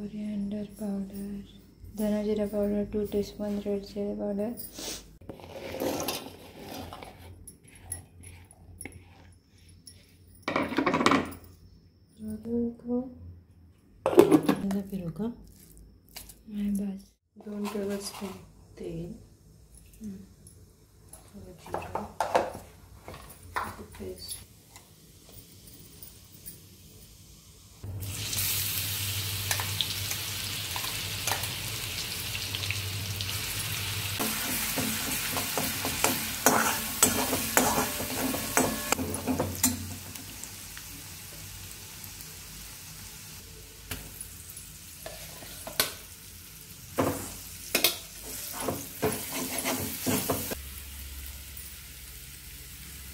Coriander powder धना जीरा powder two teaspoon red chilli powder को फिर होगा मैं बस दोन टेबल स्पून तेल पेस्ट hmm.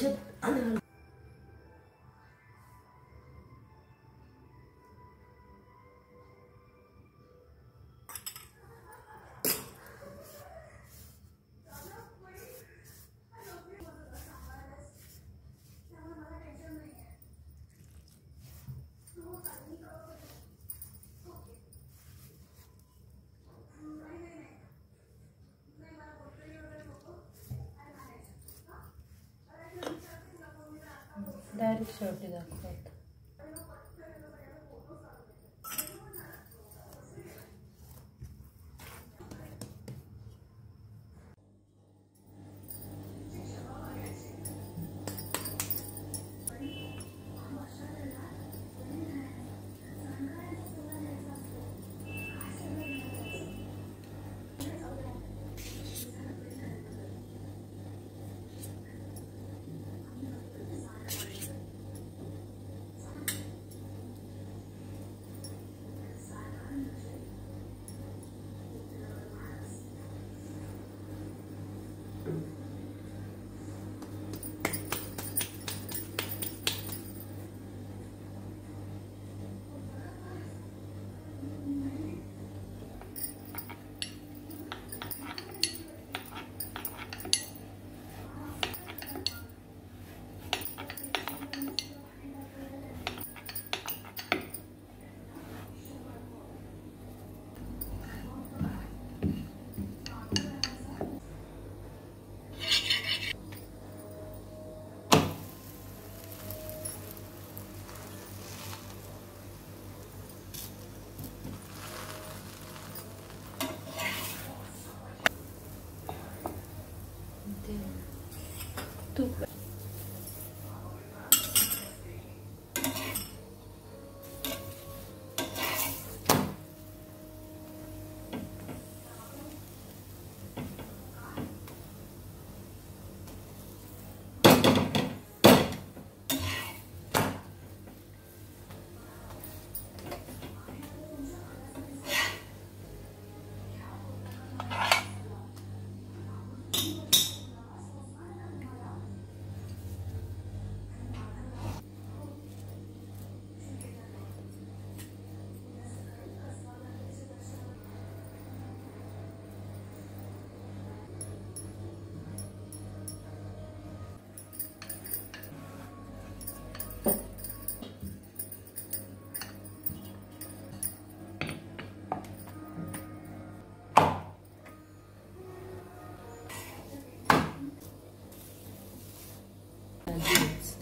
çıt anıl. छोटी दाखवत Tudo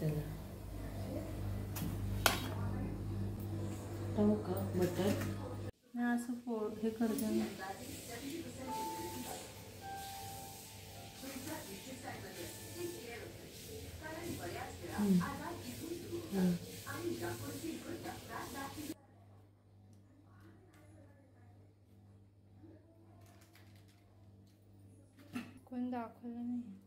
त्याला का बटर असं हे करते कोण दाखवलं नाही